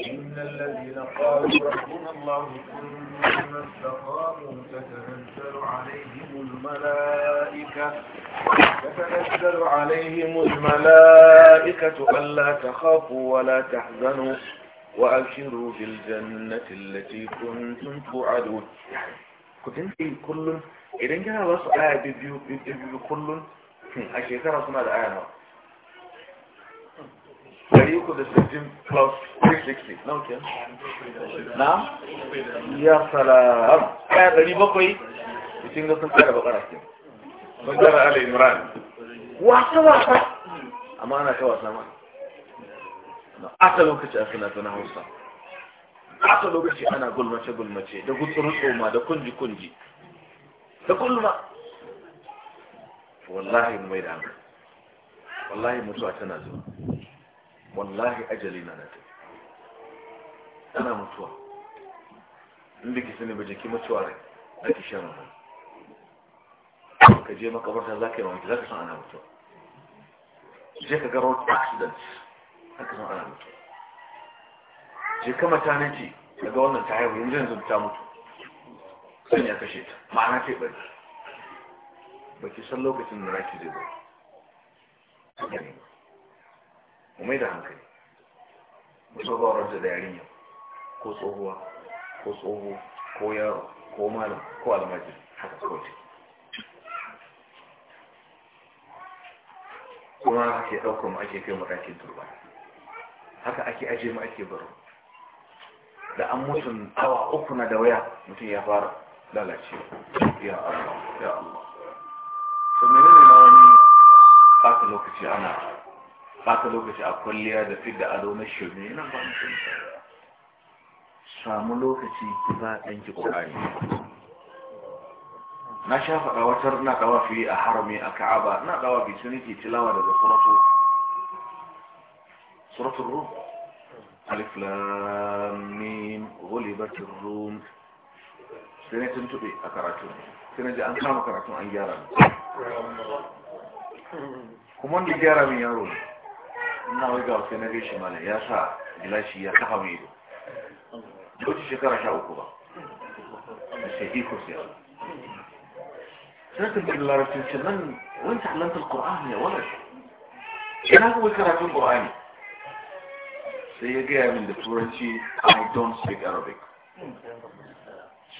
إن الذين قالوا ربنا الله ثم استقاموا تتنزل عليهم الملائكة تتنزل عليهم الملائكة ألا تخافوا ولا تحزنوا وأبشروا بالجنة التي كنتم توعدون كنت انت كل إذا كان الله سؤال بيبيو بيبيو كل أشياء ترى سنة الآية فريقه بالسجن بلس 360 نعم كده نعم يا سلام هذا لي بقي يتين ده كنت بقرا كده بقرا ال عمران واسا واسا اما انا كده واسا ما aka lokaci a fina-finan hausa aka lokaci ana gulmace-gulmace da gutsuru tsoma da kunji-kunji da gulma wallahi mai da wallahi mutuwa tana zuwa wallahi ajali na na tafi ana mutuwa in biki sani ba jiki mutuwa rai da ki shan mamaki ka je makabarta za ka yi mamaki za ka san ana mutuwa je ka ga road accident za ka san ana mutuwa je ka maternity daga wannan ta haihu yanzu yanzu ta mutu sun ya kashe ta ma'ana ta yi bari ba ki san lokacin da raki zai bari mu mai da hankali mu so ba da yarinya ko tsohuwa ko tsoho ko yaro ko malam ko almajiri haka kawai kuma ake ɗaukar mu ake kai mu ɗakin turba haka ake aje mu ake baro da an mutum awa uku na da waya mutum ya fara lalace ya Allah ya Allah sannan ne ma wani ɓata lokaci ana ɓata lokaci a kwalliya da da ado na shirme yana ba mu samu lokaci ba ɗan ki ƙorani na sha faɗa watar na ɗawa fiye a harami a ka'aba na ɗawa bi sun yake tilawa daga suratu suratun rum alif lamim ghulibatir rum sai na tuntube a karatu sai na ji an kama karatu an gyara kuma wanda gyara min yaro ne ina wai ga wasu na shi mana ya sa gilashi ya kafa mai ido lokacin shekara sha uku ba da sai iko sai ala sai tambayi da larabcin ce nan wani ta'alanta al-qur'an ya shi. ina kuma karatun qur'ani sai ya gaya min da turanci i don't speak arabic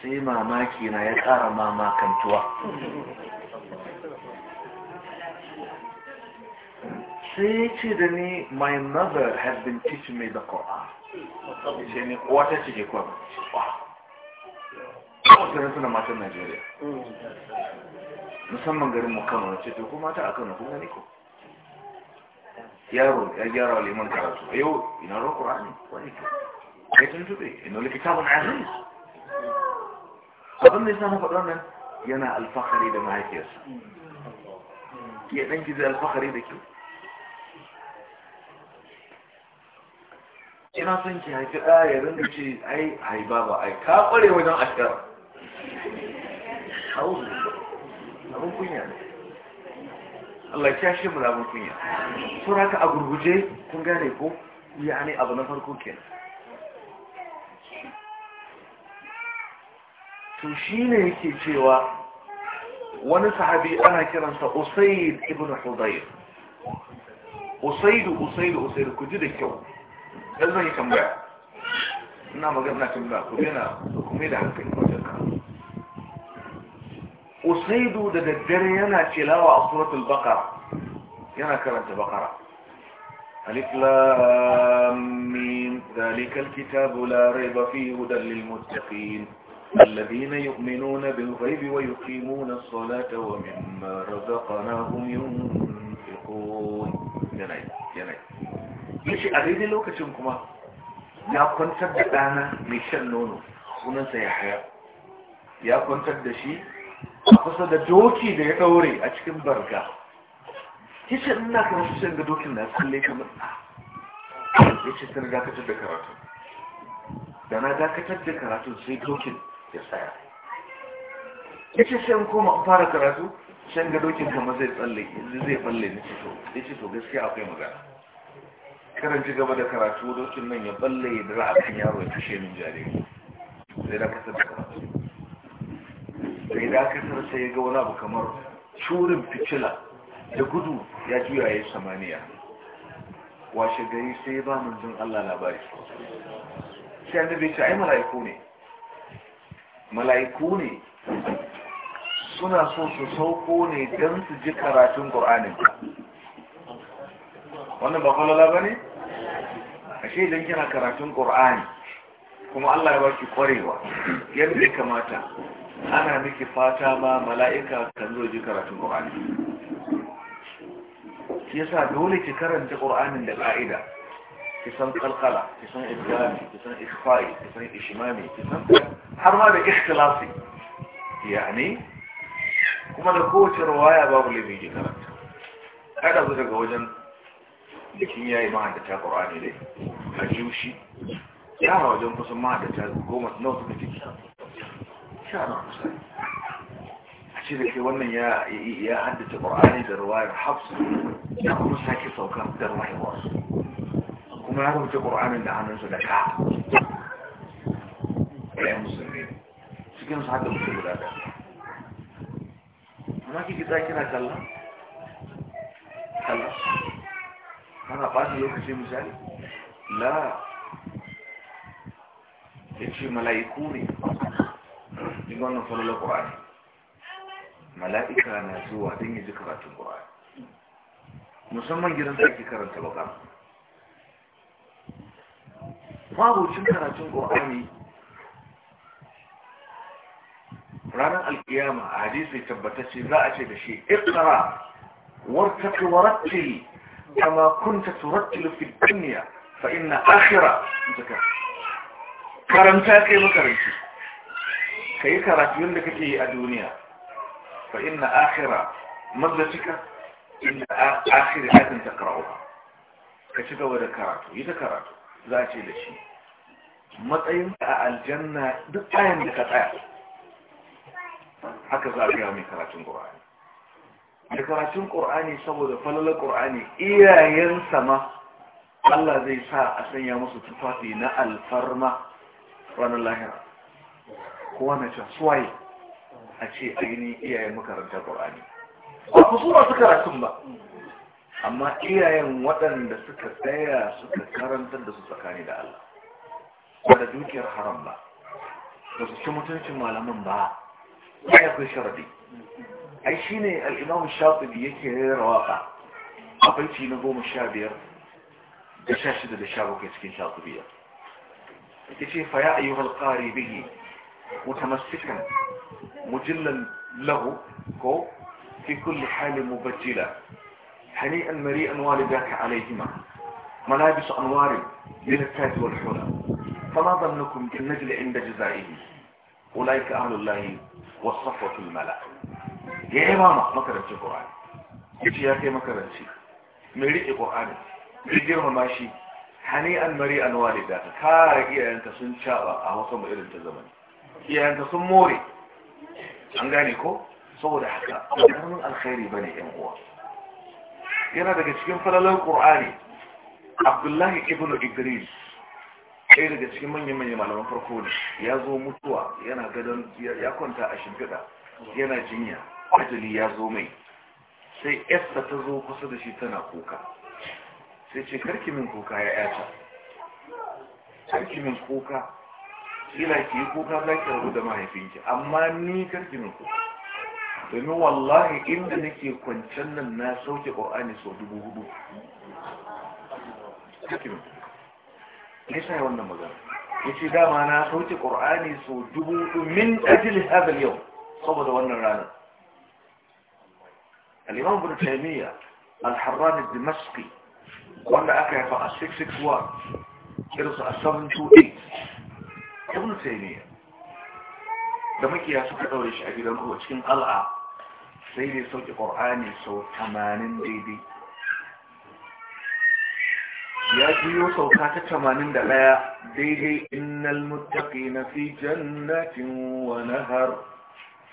sai mamaki na ya kara mamakantuwa sai ce da ni my mother has been teaching me the Quran ce ni kowa ta ce ke kuwa ba suna matan Najeriya musamman garin mu Kano ce to kuma ta a Kano kun gani ko yaro ya gyara liman karatu a yau ina ro Qur'ani wani ke ya tuntube ina likitabun aziz abin da yasa na faɗa nan yana alfahari da mahaifiyarsa ya ɗan gizo alfahari da kyau ina son ki haifi ɗa ya rinda ce ai ai baba ai ka kware wajen ashkar hauzu abin kunya ne Allah ya shi mu da abin kunya sun haka a gurguje kun gane ko ya ne abu na farko kenan to shi ne yake cewa wani sahabi ana kiransa usaid ibn hudayr usaidu usaidu usaidu ku ji da kyau yanzu zan yi tambaya ina magana tambaya ku dena ku mai da hankali wajen ka usaidu da daddare yana cilawa a suratul baqara yana karanta baqara alif lam mim zalikal kitabu la rayba fihi hudan lil muttaqin الذين يؤمنون بالغيب ويقيمون الصلاة ومما رزقناهم ينفقون جنيه جنيه yace a daidai lokacin kuma ya kwantar da ɗana mai shan nono sunansa ya haya ya kwantar da shi a kusa da doki da ya ɗaure a cikin barga yace ina kamar su shan ga dokin na tsalle kamar ah. yace sun dakatar da karatu da na dakatar da karatu sai dokin ya tsaya yace sai kuma koma fara karatu shan ga dokin kamar zai tsalle zai balle ni ce to gaskiya akwai magana kada ci gaba da karatu dokin nan ya balle ya dira a kan yaro ya kashe min jariri sai da kasar da karatu sai da kasar sai ya ga wani abu kamar shurin fitila da gudu ya juya ya yi samaniya washe gari sai ba mun jin Allah labari sai an ce ai mala'iku ne mala'iku ne suna so su sauko ne don su ji karatun Qur'anin wannan ba kwallo labari ashe idan kina karatun qur'ani kuma Allah ya baki kwarewa yadda ya kamata ana miki fata ma mala'ika kan zo ji karatun qur'ani shi yasa dole ki karanta qur'anin da ka'ida ki san kalkala ki san idgami ki san ikhfa'i ki san ishmami ki san har ma da ikhtilasi yani kuma da kowace riwaya babu libin ki karanta kada ku daga wajen cikin yayi mahaddata ƙorani dai a jushi yara wajen kusan mahaddata goma nawa suka ciki sha na a ce da ke wannan ya haddata ƙorani da ruwayar hafsu ya kuma sake sauka da ruwayar wasu kuma ya ce ƙoranin da hannunsa da ka ɗaya musulmi cikin su haka mutum guda ɗaya amma kiki ta kira kallon kallon kana ɓata lokaci misali la ya ce mala'iku ne in wannan falola ƙwa'ani mala'ika na zuwa don yi ji karatun ƙwa'ani musamman gidan da ake karanta baka mabucin karatun ƙwa'ani ranar alkiyama a hadisi tabbatacce za a ce da shi ikara wartaki warattil كما كنت ترتل في الدنيا فإن آخرة زكاة كرمتا كي مكرمتي كي كراتيون لك في الدنيا فإن آخرة مدتك إن آخر حد تقرأها كتك ولا كراتو يتكراتو ذاتي لشي matsayin a الجنة دقائم دقائم هكذا ka tsaya haka za da karatun ƙur'ani saboda falalar Kur'ani, iyayen sama Allah zai sa a sanya musu tufafi na alfarma ranar lahira kowa na can suwaye a ce ainihin iyayen makaranta ƙur'ani ba ku sura su karatun ba amma iyayen waɗanda suka tsaya suka karantar da su tsakani da Allah ba da dukiyar haram ba ba su ci mutuncin malaman ba ya kai sharadi اي شيني الامام الشاطبي shatibi yake rera waka a baiti na goma sha biyar da فيا أيها القاري به متمسكا مجلا له كو في كل حال مبجلا هنيئا مريئا والداك عليهما ملابس أنوار التاج والحلى فما ظنكم بالنجل عند جزائه أولئك أهل الله والصفوة الملائكة ya ba ma makarancin ƙwa'ani ya ya kai makaranci mai riƙe ƙwa'ani mai girmama shi hani an mari an walida ta kare sun caɓa a wasu irin ta zamani Iyayenta sun more an gane ko saboda haka ƙarfin alkhairi bane yan uwa yana daga cikin falalar ƙur'ani abdullahi ibnu idris ɗaya daga cikin manyan manyan malaman farko ne ya zo mutuwa yana gadon ya kwanta a shimfiɗa yana jinya ajali ya zo mai sai yasta ta zo kusa da shi tana kuka sai ce karki min kuka ya yata karki min kuka ila ki yi kuka za ki rabu da mahaifinki amma ni karki min kuka domin wallahi inda nake kwancen nan na sauke ƙwa'ani sau dubu hudu karki min kuka ne sa yi wannan magana ya ce dama na sauke ƙwa'ani sau dubu hudu min ajil hadal yau saboda wannan ranar الإمام ابن تيمية الحران الدمشقي قال يا فقط 661 إرصى 728 ابن تيمية لما كي يسوك قولي شعبي لما هو تكين قلعة سيدي صوت قرآني صوت تمانين ديدي يا جيو صوتات تمانين دقايا ديدي إن المتقين في جنة ونهر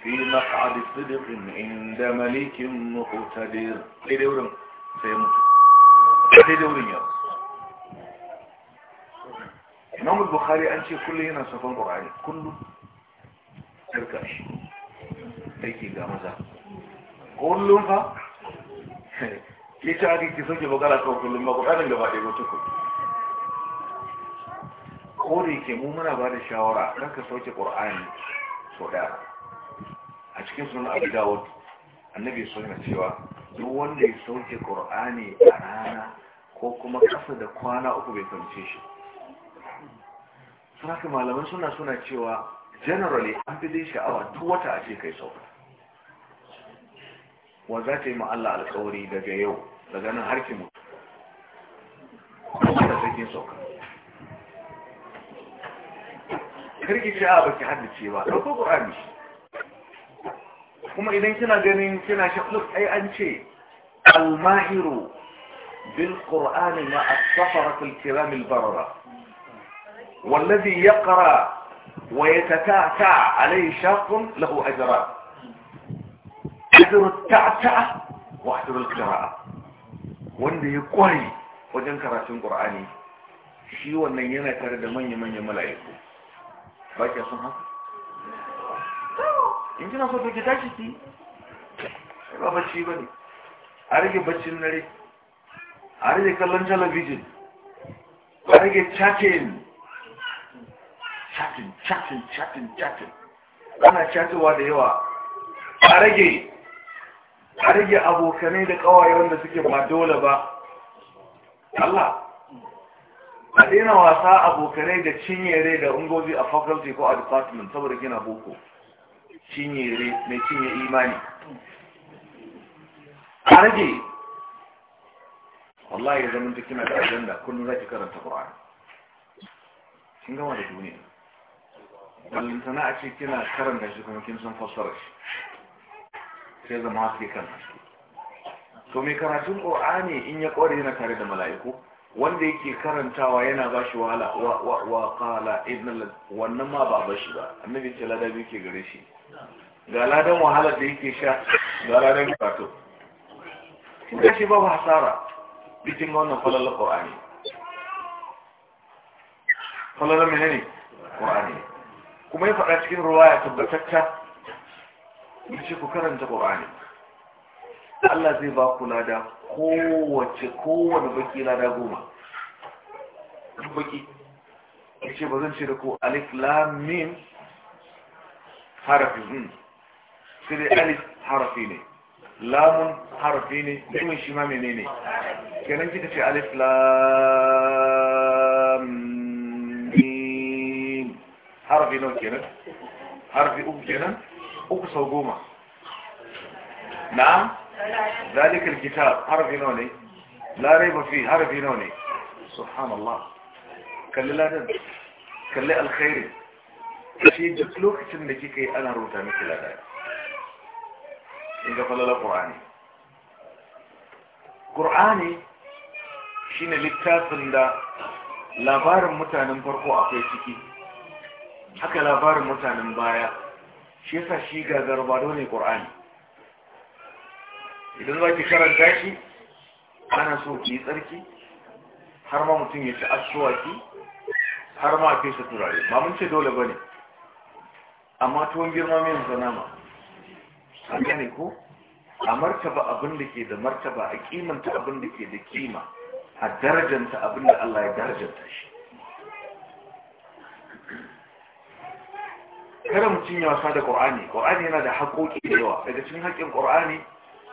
fi maq'adi sidiqin inda malikin muqtadir sai dai wurin sai mutu sai dai wurin yau Imam Bukhari an ce kullum yana safan Qur'ani kullum sarka shi aiki ga maza kullum fa ke ta ake ki soke bakara kan kullum ba kudanin gaba ɗaya ba tukun ko da mu muna ba da shawara kan ka soke ƙur'ani so ɗaya cikin sunan abu dawud annabi sun yana cewa duk wanda ya sauke qur'ani a rana ko kuma kasa da kwana uku bai kamce shi sun malaman suna suna cewa generally an fi dai sha'awa duk wata ake kai sauka wa za yi ma Allah alƙawari daga yau daga nan har ki mutu kuma sai kin sauka karki ce a ah, baki haddace ba ɗauko ƙur'ani kuma idan kina ganin kina shi duk ai an ce al-mahiru bil qur'an ma as-safarat al-kiram al-barara والذي يقرأ ويتتعتع عليه شاق له أجران أجر التعتع واحضر qira'a wanda ya kware wajen karatun qur'ani shi wannan yana tare da manyan manyan mala'iku ba ke sun haka in kina so to ki tashi ki ba bacci bane a rage baccin dare a rage kallon talabijin a rage chatting chatting chatting chatting chatting ana chatowa da yawa a rage a rage abokanai da kawaye wanda suke ba dole ba Allah a daina wasa abokanai da cinyere da ungozi a faculty ko a department saboda gina boko cinyere mai cinye imani a rage wallahi ya zama kina da ajanda kullum za ki karanta ƙura'ani kin gama da duniya ballantana a ce kina karanta shi kuma kin san fassara shi sai zama haske kan haske to mai karatun ƙur'ani in ya ƙware yana tare da mala'iku wanda yake karantawa yana ba shi wahala wa qala ibn wannan ma ba ba shi ba annabi ce ladabi ke gare shi ga ladan wahalar da yake sha ga ladan kato in shi babu hasara bikin wannan falalar ƙwa'ani falalar menene ne ƙwa'ani kuma ya faɗa cikin ruwa ya tabbatacca ya ce ku karanta ƙwa'ani Allah zai ba ku lada kowace kowane baki lada goma duk baki ya ce ba zan ce da ku alif Lamin. حرف سيدي الف حرفيني لام حرفيني لام شمام نيني كان انت تشي الف لام ميم حرف نون كان حرف او كان او صوغوما نعم ذلك الكتاب حرفي نوني لا ريب فيه حرفي نوني سبحان الله كل لا كل الخير shi duk lokacin da kika yi ana rubuta miki lada in ga falala qur'ani qur'ani shine littafin da labarin mutanen farko akwai ciki haka labarin mutanen baya shi yasa shi gagar ne ƙur'ani. idan za ki karanta shi ana so ki tsarki har ma mutum ya ci asuwaki har ma a fesa turare ba mun ce dole ba ne amma tuwon girma mai yanzu nama a gane ko a martaba abin da ke da martaba a kimanta abin da ke da kima a darajanta abin da Allah ya darajanta shi kada mutum ya wasa da ƙor'ani ƙor'ani yana da haƙoƙi da yawa daga cikin haƙƙin ƙor'ani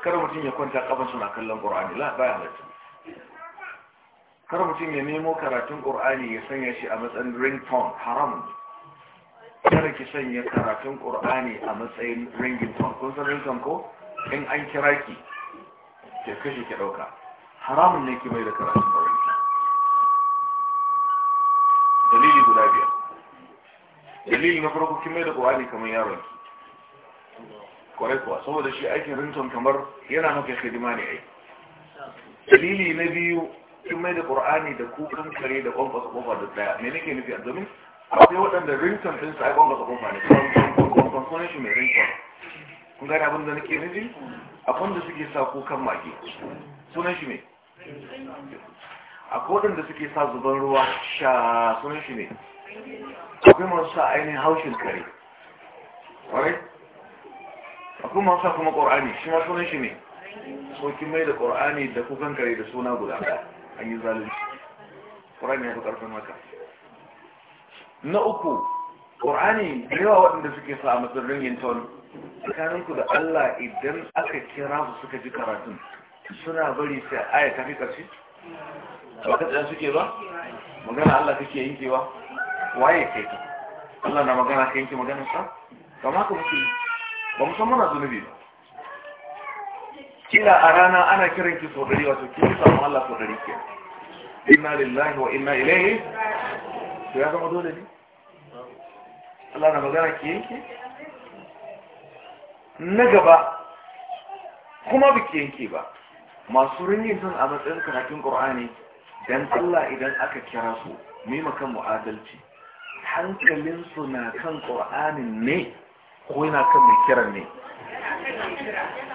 kada mutum ya kwanta ƙafan suna kallon ƙor'ani la baya halatta kada mutum ya nemo karatun ƙor'ani ya sanya shi a matsayin ringtone haramun. kada ki sanya karatun qur'ani a matsayin ringin ton kun san ringin ko in an kira ki ke kashe ki dauka haramun ne ki mai da karatun ba ringin dalili guda biyar dalili na farko ki mai da qur'ani kamar yaron ki kwarai kuwa saboda shi aikin rington kamar yana maka hidima ne ai dalili na biyu kin mai da qur'ani da kukan kare da kwamfasa kofa da tsaya me nake nufi a domin akwai waɗanda rington ɗin su aikon gasa kofa ne kwanfonin shi mai rington kun gani abin da nake nufi akwai da suke sa kukan mage sunan shi ne akwai waɗanda suke sa zuban ruwa sha sunan shi ne akwai masu sa ainihin haushin kare ƙwarai akwai masu sa kuma ƙorani shi ma sunan shi ne sokin mai da ƙorani da kukan kare da suna guda an yi zalunci ƙorani ya fi ƙarfin maka na uku ƙorani da yawa waɗanda suke sa a matsayin ringington tsakaninku da Allah idan aka kira su suka ji karatun suna bari sai aya tafi ƙarshe A ka tsaye suke ba magana Allah kake yankewa waye ke ta Allah na magana ka yanke magana sa kama ka muke ba mu san mana zunubi ba kila a rana ana kiran ki sau ɗari wato kin samu Allah sau ɗari ke inna lillahi wa inna ilaihi to ya zama dole ne الله نبغى كينكي نجبا خما بكينكي با ما سورني إنسان أبد إن كان كن قرآني دم الله إذا أك كراسو مي ما كان معادلتي حن كلين سنا كان قرآن مي خوينا كان مكرني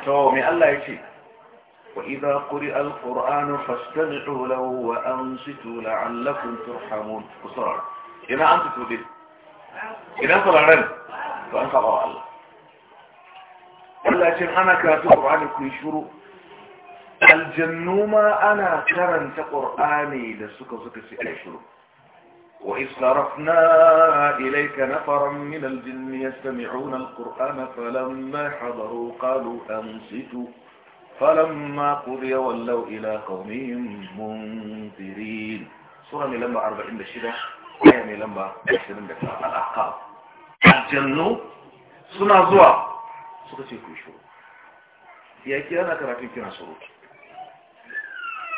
تو مي الله يشي وإذا قرئ القرآن فاستمعوا له وأنصتوا لعلكم ترحمون بسرعة إذا أنت تريد إذا أنت العلم فأنت غير الله ولكن أنا كاتب عليك كل شروع الجنوما أنا كرنت قرآني لسك سكر سئلي شروع وإذ صرفنا إليك نفرا من الجن يستمعون القرآن فلما حضروا قالوا أنسجوا فلما قضي ولوا إلى قومهم منذرين سورة لما أربعين بشرة aya mai lamba 29 al'aqab aljannu suna zuwa suka ce ku shuru ya kira na karatun kina surutu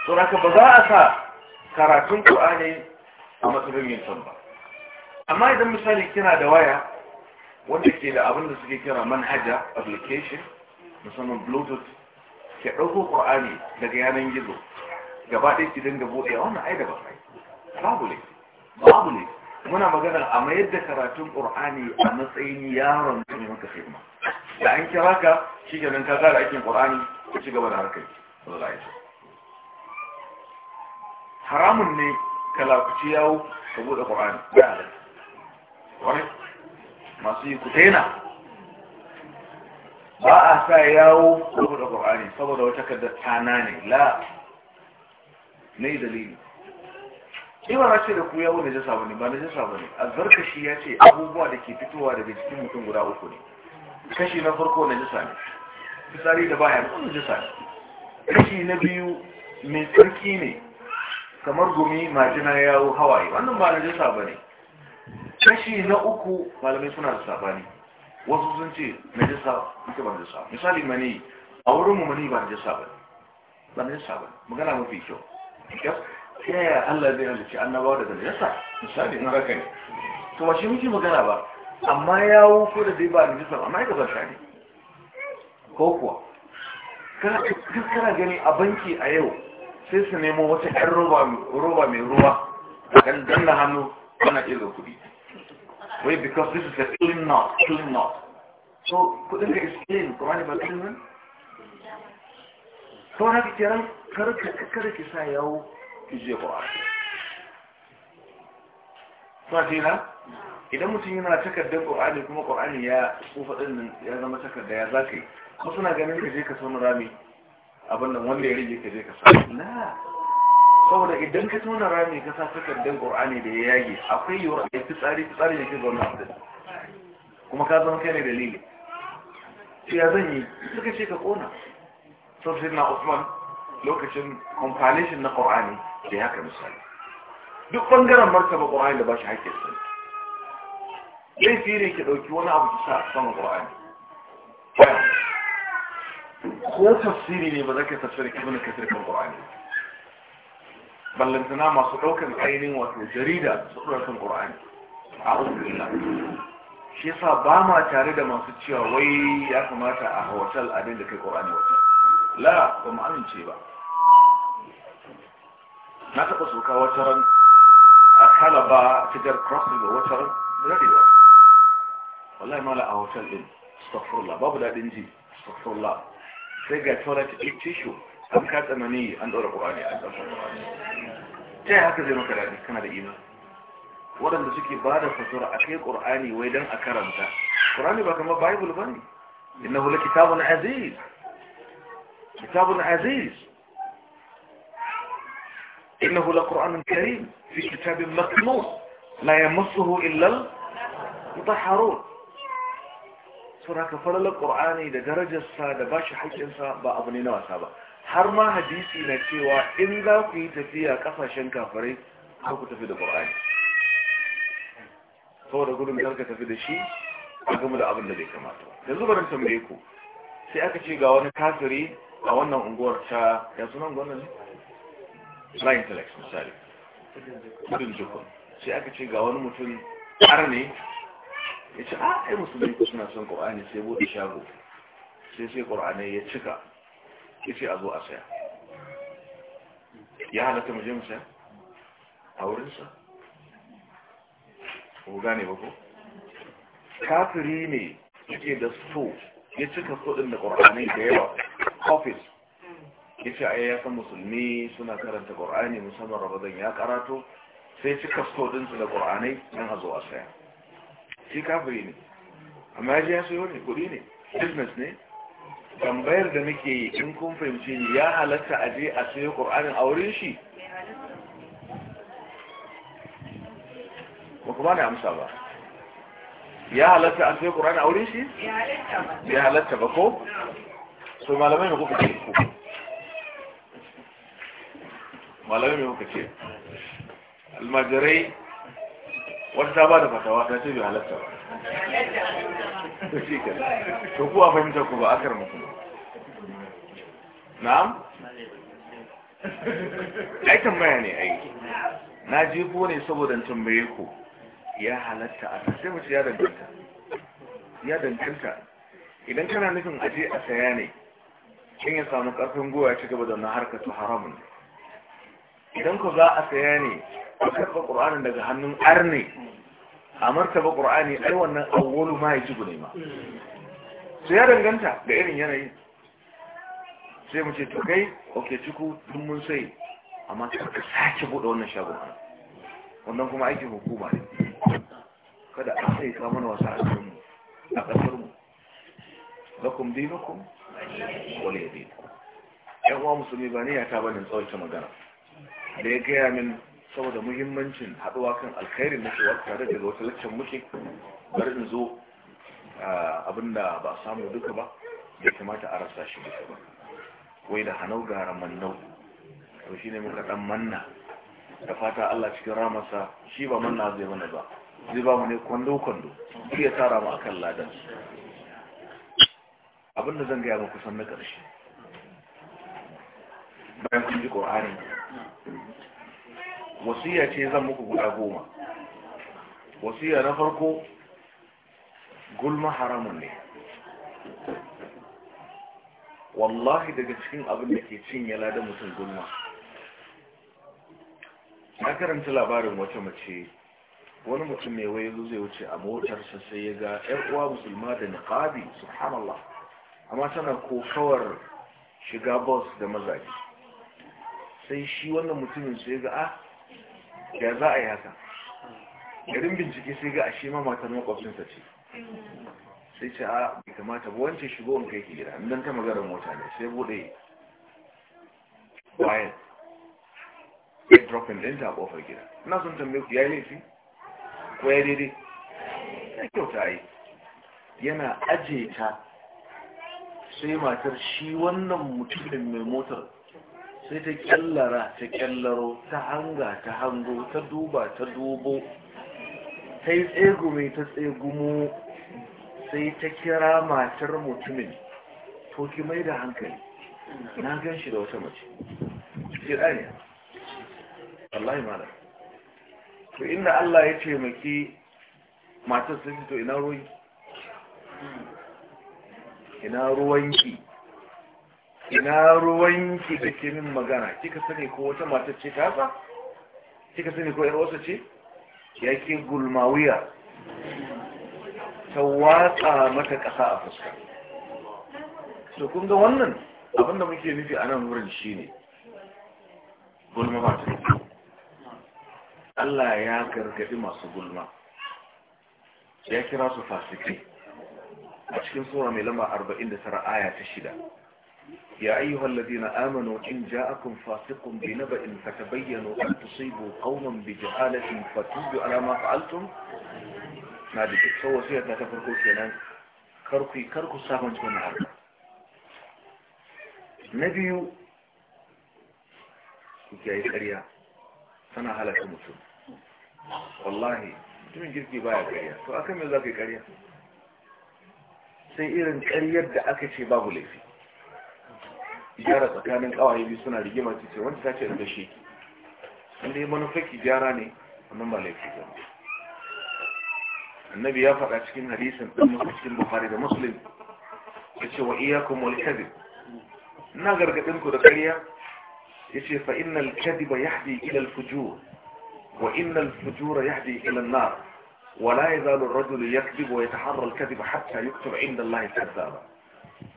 sauraka ba za a sa karatun ƙur'ani a matsayin yin can amma idan misali kina da waya wanda ke da abin da suke kira manhaja application musamman bluetooth ke ɗauko ƙur'ani daga yanar gizo gaba ɗaya ki dinga buɗe wannan ai da ba babu laifi babu ne muna magana a mayar da karatun ƙur'ani a matsayin yaron da ne maka hidima da an kira ka shi ke nan ka gara aikin ƙur'ani ka ci gaba da harkar yi. haramun ne ka ci yawo ka bude ƙur'ani. da halatta wani masu yi kutena ba a sa yawo buɗe ƙur'ani saboda wata kadda tana ne la ne dalili ni ba ce da ku yawo da jasa ne ba da jasa bane shi ya ce abubuwa da ke fitowa daga cikin mutum guda uku ne kashi na farko na jasa ne fitsari da baya kuma jasa ne kashi na biyu mai tsarki ne kamar gumi majina yawo hawaye wannan ba na jasa ne kashi na uku malamai suna da sabani wasu sun ce na jasa ita ba na jasa misali mani a wurin mu mani ba na jasa bane ba na jasa magana mafi kyau ta yaya Allah zai halici annabawa daga najasa misali in raka ne to ba shi muke magana ba amma ya ko da zai ba da najasa amma ya gaba shari ko kuwa kana gani a banki a yau sai su nemo wata ƴan roba mai ruwa a kan danna hannu ana iya zo kuɗi wai because this is a clean knot clean knot so kuɗin da is clean kuma ne ba clean ne? kawai na fi kiran karka karka sa yawo ijiye ƙwararri fatina idan mutum yana takardar qur'ani kuma Qur'ani ya tsufa ɗin ya zama takarda ya zaka yi ko suna ganin ka je ka samu rami abin nan wanda ya rige ka je ka samu na saboda idan ka tona rami ka sa takardar Qur'ani da ya yage akwai yiwuwar a yi fitsari tsari da ke zaune a fitar kuma ka zama kai ne dalili ya zan yi suka ce ka ƙona sau sai na usman lokacin compilation na ƙorani da haka misali duk ɓangaren martaba ƙorani da ba shi haƙƙin sun zai fi ne ki ɗauki wani abu ki sa a saman ƙorani ko tafsiri ne ba za ka tafsiri ki wani kasir kan ƙorani ballantana masu ɗaukan ainihin wato jarida su ɗaukar kan ƙorani a usulillah shi yasa ba ma tare da masu cewa wai ya kamata a hotel a dinga kai ƙorani wata la ba mu amince ba na taɓa soka wata ran a kalaba fitar crossing da wata ran zarewa wallahi mala a hotel din astaghfirullah babu daɗin ji astaghfirullah sai ga toilet ɗin tishu an ka tsanani an ɗora ƙwani an ɗaukar ƙwani ta haka zai maka daɗi kana da iman waɗanda suke ba da fasura a kai ƙur'ani wai don a karanta ƙur'ani ba kamar bible ba ne innahu la kitabun aziz kitabun aziz إنه لقرآن كريم في كتاب مكنون لا يمسه إلا المطهرون suna ka farla ƙur'ani da darajarsa da ba shi ba abu ne na wasa ba har ma hadisi na cewa in za ku yi tafiya ƙasashen kafirai har ku tafi da ƙur'ani saboda gudun kar ka tafi da shi a gama da abin da yanzu sai aka ce ga wani kafiri a wannan unguwar ta flying talax misali kudin jukun sai aka ce ga wani mutum karni ne ya ce a ah, ai musulmi suna son ƙwa'ani sai bude shago sai sai ƙwa'anai ya cika ya ce a zo a saya ya halatta mu je mu saya a wurinsa ko gane ba ko kafiri ne yake da so ya cika kudin da ƙwa'anai da yawa office yace ai ya san musulmi suna karanta qur'ani musamman ramadan ya karato sai cika kasko din su da qur'anai nan a zuwa a saya shi kafiri ne amma ya so yau ne kuɗi ne business ne tambayar da muke yi in kun fahimci ni ya halatta a je a sayo qur'anin a wurin shi ba kuma da amsa ba ya halatta a sayo qur'ani a wurin shi ya halatta ba ko so malamai ne kuka ce ku malamai mai muka ce almajirai wata ta ba da fatawa ta ce bai halatta ba ta shi ke to kuwa fahimta ku ba akar muku na'am ai tambaya ne ai na ji ku ne saboda tambaye ku ya halatta a sai mace ya danganta ya danganta idan kana nufin aje a saya ne in ya samu karfin goya ci gaba da na harkar haramun ne idan ku za a saya ne a karɓa ƙur'anin daga hannun arne a martaba ƙur'ani ai wannan awwalu ma ya ci ne ma sai ya danganta ga irin yanayin sai mu ce to kai oke ciku dun mun sai amma ka sake bude wannan shagon ana wannan kuma aikin hukuma ne kada a sai ka mana wasa a cikin mu a ƙasar mu lakum dinukum waliyadin yan uwa musulmi ba ne ya ta bane tsawon magana da ya gaya min saboda muhimmancin haɗuwa kan alkhairin nake wata tare daga wata laccan muke bari in zo abinda ba a samu duka ba ya kamata a rasa shi duka ba wai da hanau gara mannau to ne muka dan manna da fata Allah cikin ramarsa shi ba manna zai mana ba zai ba mu ne kwando kwando iya ya tara mu akan ladan abinda zan gaya ma kusan na ƙarshe bayan kun ji Qur'ani wasiya ce zan muku guda goma wasiya na farko gulma haramun ne wallahi daga cikin abin da ke cinye lada mutum gulma na karanta labarin wata mace wani mutum mai waye zai wuce a motarsa sai ya ga ‘yan uwa musulma da niqabi subhanallah amma tana kokawar shiga bus da mazaji sai shi wannan mutumin sai ga a ah, ya za a yi haka garin bincike sai ga a shi ma matar makwabcinsa ce sai ce a ah, bai kamata ba wancan shigo in kai ke gida dan ta magana mota ne sai bude bayan ya dropin din ta kofar gida ina son tambaye ku yayi laifi ko ya daidai ya kyauta yi. yana ajiye ta sai matar shi wannan mutumin mai motar sai ta kyallara ta kyallaro ta hanga ta hango ta duba ta dubo ta yi tsegume ta tsegumo sai ta kira matar mutumin to ki mai da hankali na gan shi da wata mace kira ne Allah mara to inda Allah ya taimaki matar sai to ina ruwanki ina ruwanki ina ruwanki da ke min magana kika sani ko wata matar ce ta sa kika sani ko yar wasa ce ya ke gulmawiya ta watsa mata ƙasa a fuska to kun ga wannan abin da muke nufi a nan wurin shi ne. gulma ba ta Allah ya gargaɗi masu gulma ya kira su fasikai a cikin sura mai lamba 49 aya ta shida يا أيها الذين آمنوا إن جاءكم فاسق بنبأ فتبينوا أن تصيبوا قوما بجهالة فتوبوا على ما فعلتم ما دي سوى سيئة تفرقوا كنان كركي كركو ساقن جون عرب نبي يا كريا سنة هلا كمسون والله تمن جركي بايا كريا كم يزاكي كريا سيئرن كريا دعاك شباب ليفي gyara tsakanin kawaye biyu suna rigima ta ce wanda ta ce da shi inda ya manufaki gyara ne wannan ba laifi ba annabi ya faɗa cikin hadisin ɗan musu cikin buhari da muslim ya ce wa iyakun wal kadib ina gargaɗin ku da ƙarya ya ce fa innal kadiba yahdi ila al fujur wa innal fujura yahdi ila an nar ولا يزال الرجل يكذب ويتحرى الكذب حتى يكتب عند الله كذابا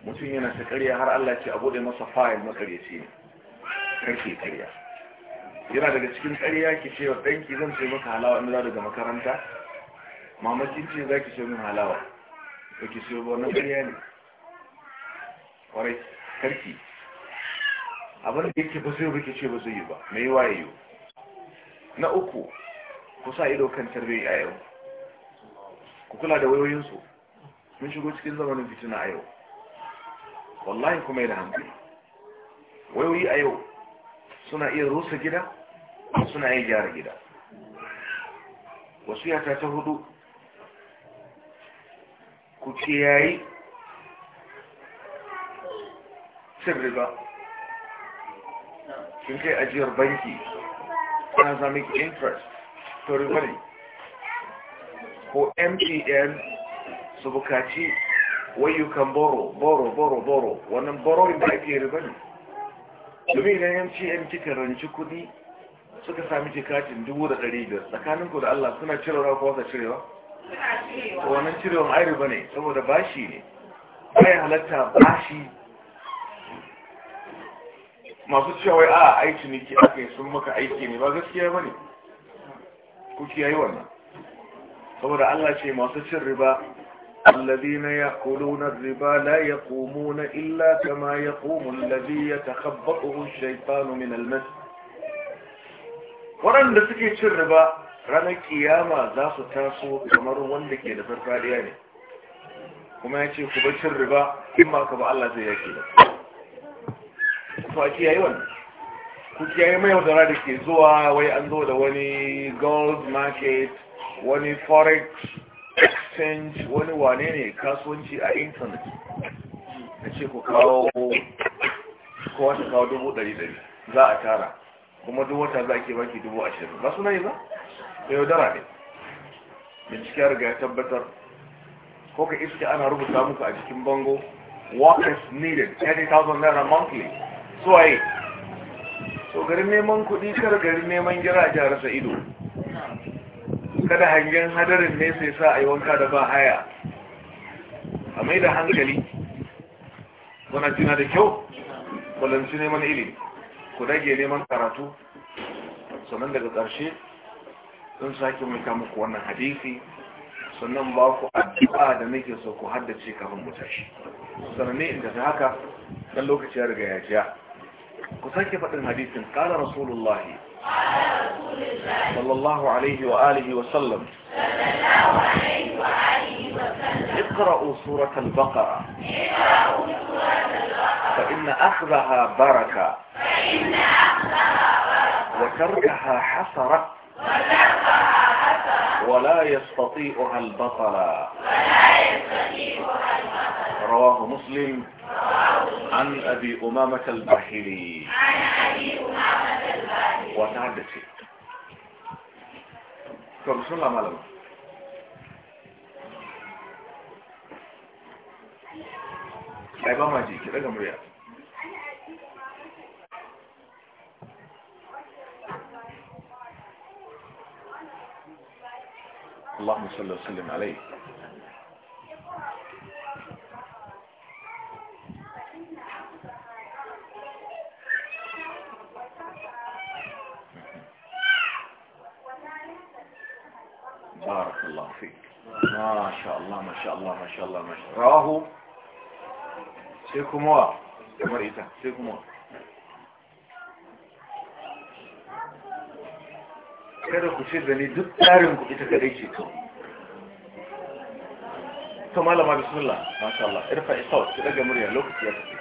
mutum yana ta karya har Allah ce a bude masa fayil makaryaci ne karfe karya yana daga cikin karya ki ce wa danki zan ce maka halawa in daga makaranta mamakin ce za ki ce min halawa ba ki ce ba wannan karya ne kwarai karki abin da yake ba zai ba ki ce ba zai yi ba mai waye yi. na uku ku sa ido kan tarbiyyar a yau ku kula da wayoyinsu mun shigo cikin zamanin fitina a yau wallahi kuma da hankali wayoyi a yau suna iya rusa gida suna iya gyara gida wasu yata ta hudu ku kiyayi cin riba kin kai ajiyar banki ana zami interest to riba ko mtn su bukaci wai you can borrow borrow borrow borrow wannan borrowing da ake riba ne domin idan yanci yan kika ranci kuɗi suka sami tikatin dubu da ɗari biyar tsakanin ku da Allah suna cirewa ko wasa cirewa wannan cirewa ai riba ne saboda bashi ne bai halatta bashi masu cewa a aiki ne ke aka yi sun maka aiki ne ba gaskiya ba ne ku kiyaye wannan saboda Allah ce masu cin riba الذين يأكلون الربا لا يقومون إلا كما يقوم الذي يتخبطه الشيطان من المس waɗanda suke cin riba ranar kiyama za su taso kamar wanda ke da farfadiya ne kuma ya ce ku bar cin riba in ba ka ba Allah zai yake da to a kiyaye wani, ku kiyaye mai yaudara da ke zuwa wai an zo da wani gold market wani forex exchange wani wane ne kasuwanci a intanet da ce ku kawo kowa ta kawo dubu ɗari ɗari za a tara kuma duk wata za a ke baki dubu ashirin ba suna yi ba da yaudara ne bincike ya riga ya tabbatar ko ka iske ana rubuta muku a cikin bango what is needed 30,000 naira monthly so ai so garin neman kuɗi kar garin neman gira a jihar sa ido kada hangen hadarin ne sai sa a yi wanka da ba haya a mai da hankali muna tuna da kyau balanci neman ilimi ku dage neman karatu sannan daga ƙarshe sun sake kama ku wannan hadisi sannan ba ku addu'a da nake so ku haddace kafin mu tashi sannan ne inda ta haka dan lokaci ya riga ya jiya, ku sake faɗin hadisin kala rasulullahi صلى الله عليه وآله وسلم اقرأوا سورة البقرة فإن أخذها بركة وتركها حسرة ولا يستطيعها البطل رواه مسلم عن أبي أمامة الباحلي عن أبي أمامة الباحلي وتعدد ست فبسم الله معلم عيبا ما جيك لك مريع اللهم صل وسلم عليه ما شاء الله ما شاء الله ما شاء الله ما شاء الله رواه سيكم وا kada ku ce da ni duk tsarin ku ita kadai ce to to malama bismillah masha Allah irfa isau ki daga murya lokaci ya tafi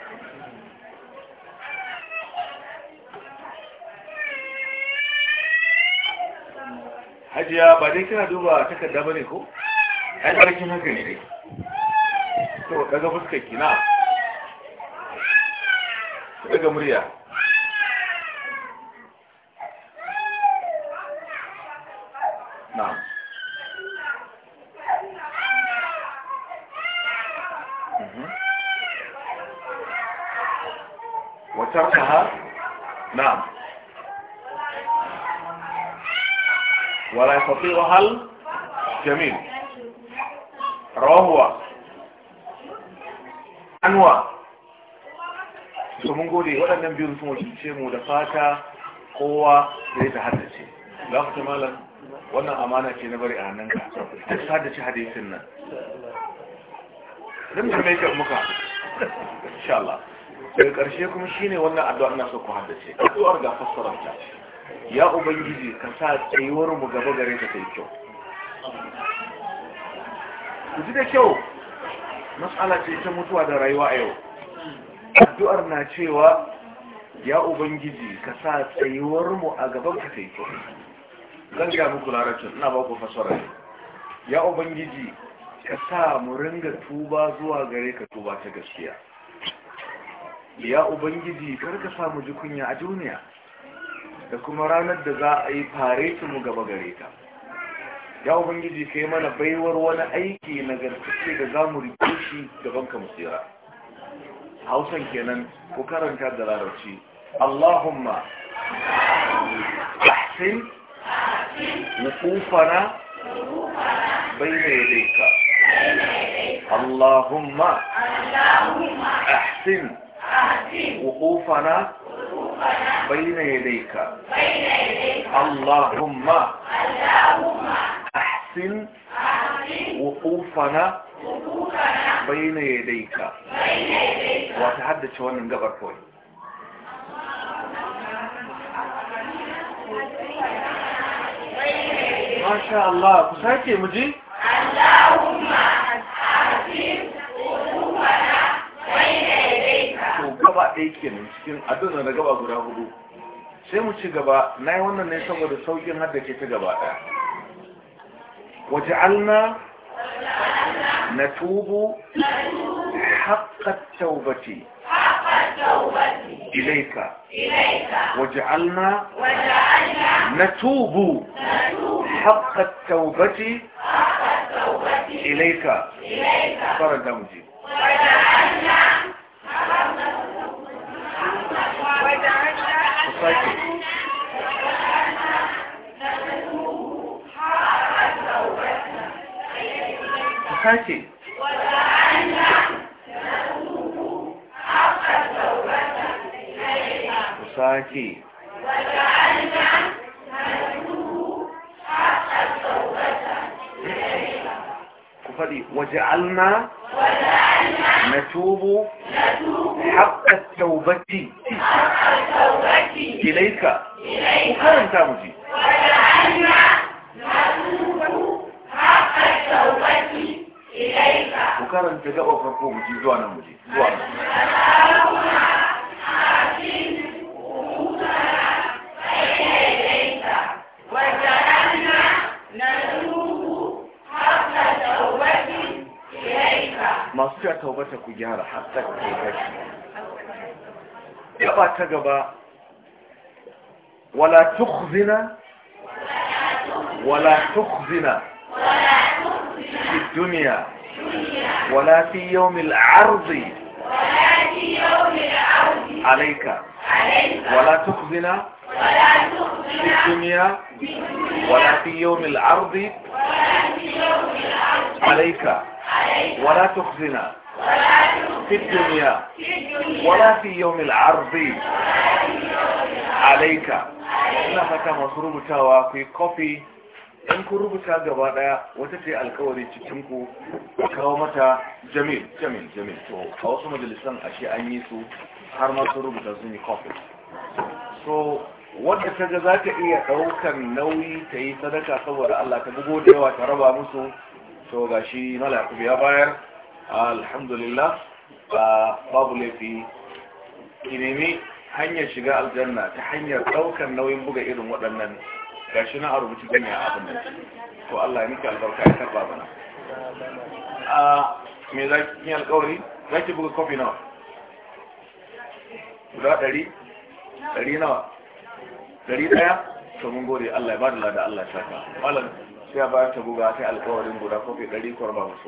hajiya ba dai kina duba takarda bane ko ai ƙarfin haka ne dai to kaga fuskar ki na daga murya na'am وتركها نعم ولا يستطيعها الجميل to mun gode waɗannan biyu sun wakilce mu da fata kowa da ya ta haddace za ku malam wannan amana ce na bari a nan ka ta haddace hadisin nan zan da mai muka insha Allah daga ƙarshe kuma shine wannan addu'a ina so ku haddace addu'ar ga fassarar ta ya ubangiji ka sa tsayuwar mu gaba gare ka ta yi kyau ku ji da kyau mas'ala ce ta mutuwa da rayuwa a yau addu'ar na cewa ya ubangiji ka sa tsayuwar mu a gaban ka sai zan ga muku larabcin ina ba ku fasara ya ubangiji ka sa mu ringa tuba zuwa gare ka tuba ta gaskiya ya ubangiji kar ka sa mu ji kunya a duniya da kuma ranar da za a yi fare mu gaba gare ka ya ubangiji ka yi mana baiwar wani aiki nagartacce da za mu rike shi gaban ka musira هاوسن كنن وكرن karanta da larabci Allahumma ahsin وقوفنا بين يديك اللهم احسن وقوفنا بين يديك اللهم احسن وقوفنا بين يديك wata haddace wannan gabar kawai Masha Allah, ku sake mu ji? Allahumma azim qulubana bayna yadayka. To gaba ɗaya kenan cikin addu'a da gaba guda hudu. Sai mu ci gaba, nayi wannan ne saboda saukin haddace ta gaba ɗaya. na natubu حقت توبتي حقت توبتي إليك إليك وجعلنا وجعلنا نتوب نتوب حقت توبتي حقت توبتي إليك إليك صار أوجي وجعلنا Thank you. عصاكي وجعلنا نتوب حق التوبة إليك إليك وجعلنا نتوب حق التوبة إليك وكان انت جاء وفرقوه مجي masu cewa taubata ku gyara hatta ku ke gashi gaba ta gaba wala tukhzina wala tukhzina fi في wala ولا في يوم العرض عليك ولا تخزنا في الدنيا ولا في يوم العرض عليك ولا تخزنا في الدنيا ولا في يوم العرض alaika ina haka masu rubutawa kai kofi in ku rubuta gaba daya wata ce alkawari cikin ku kawo mata jamil jamil jamil to a wasu majalisan ashe an yi su har masu rubuta sun yi kofi so wadda ta ga za ta iya ɗaukan nauyi ta yi sadaka saboda Allah ta bugo da yawa ta raba musu so ga shi mala yakubu ya bayar alhamdulillah ba babu laifi ilimi hanyar shiga aljanna ta hanyar daukar nauyin buga irin waɗannan ga shi na a rubuci gani a abin Ko Allah ya nika albarka ya karba bana a me za ki yi alkawari za ki buga kofi nawa guda ɗari ɗari nawa ɗari ɗaya to mun gode Allah ya ba da lada Allah ya saka malam sai ba ta buga ta alkawarin guda kofi ɗari kwarba musu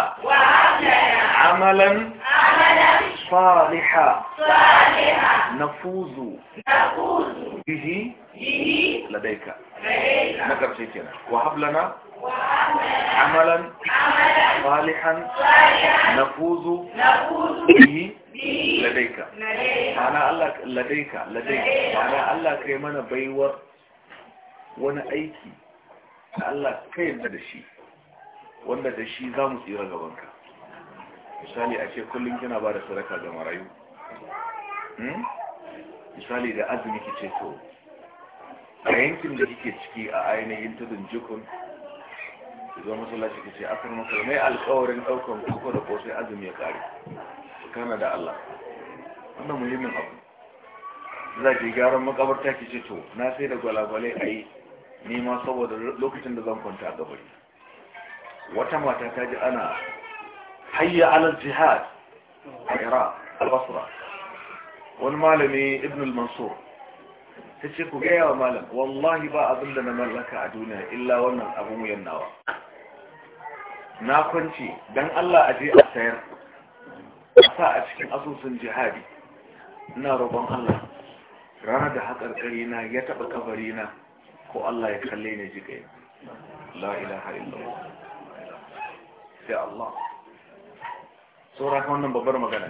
عملا صالحا نفوز به لديك نكر شيء وهب لنا عملا صالحا نفوز به لديك معنى الله لديك لديك معنى الله كيمنا بيور وانا ايكي الله كيف بدشي wanda da shi za mu tsira gabanka misali a ce kullum kina ba da sadaka ga marayu hmm? misali da azumi ce to a yankin da kike ciki a ainihin tudun jikun zuwa masallaci kice akan masallaci alkawarin daukan koko da sai azumi ya kare kana da Allah wannan muhimmin abu za ki gyaran makabarta ce to na sai da gwalagwalai a yi nema saboda lokacin da zan kwanta a gabari wata mata ta ji ana hayya alal jihad a iraq al-basra wani malami ibn al-mansur ta ce ku gaya wa malam wallahi ba abin da na mallaka a duniya illa wannan abin wuyan nawa na kwanci don allah a je a sayar a sa a cikin asusun jihadi ina roƙon allah rana da haƙarƙari na ya taɓa kabari na ko allah ya kalle ne jiƙe la ilaha illallah يا الله سورة wannan babbar magana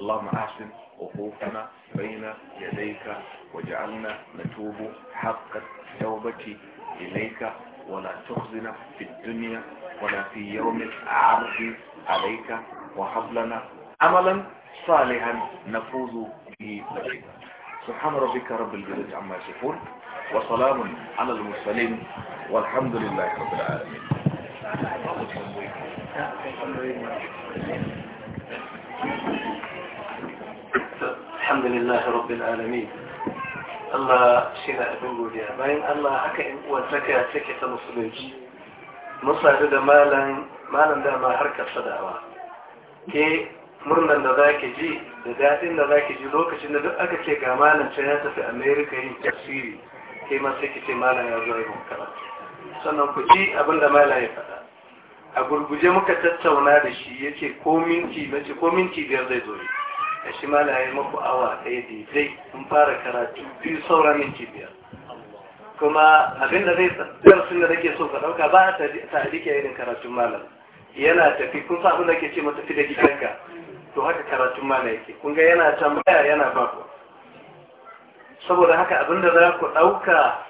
اللهم أحسن وقوفنا بين يديك وجعلنا نتوب حق توبك إليك ولا تخزنا في الدنيا ولا في يوم العرض عليك وحبلنا عملا صالحا نفوز به لديك سبحان ربك رب العزة عما يصفون وسلام على المرسلين والحمد لله رب العالمين الحمد لله رب العالمين godiya bayan Allah haka in uwantaka take ta musulunci mun dama harkar sadawa ke da daɗin da zaki lokacin da duk aka ga malam ya tafi America yin tafsiri ke ma sannan ku ci abin da malam ya faɗa a gurguje muka tattauna da shi ya ce ko minti na ce kominti biyar zai zo a shi mala ya maku awa ɗaya daidai sun fara karatu biyu sauran minti biyar kuma abin da zai darsin da nake so ka ɗauka ba a tarike irin karatun malam yana tafi kun sa abin da ke ce mata fi da gidanka to haka karatun malam yake kun ga yana tambaya yana ba ku saboda haka abin da za ku ɗauka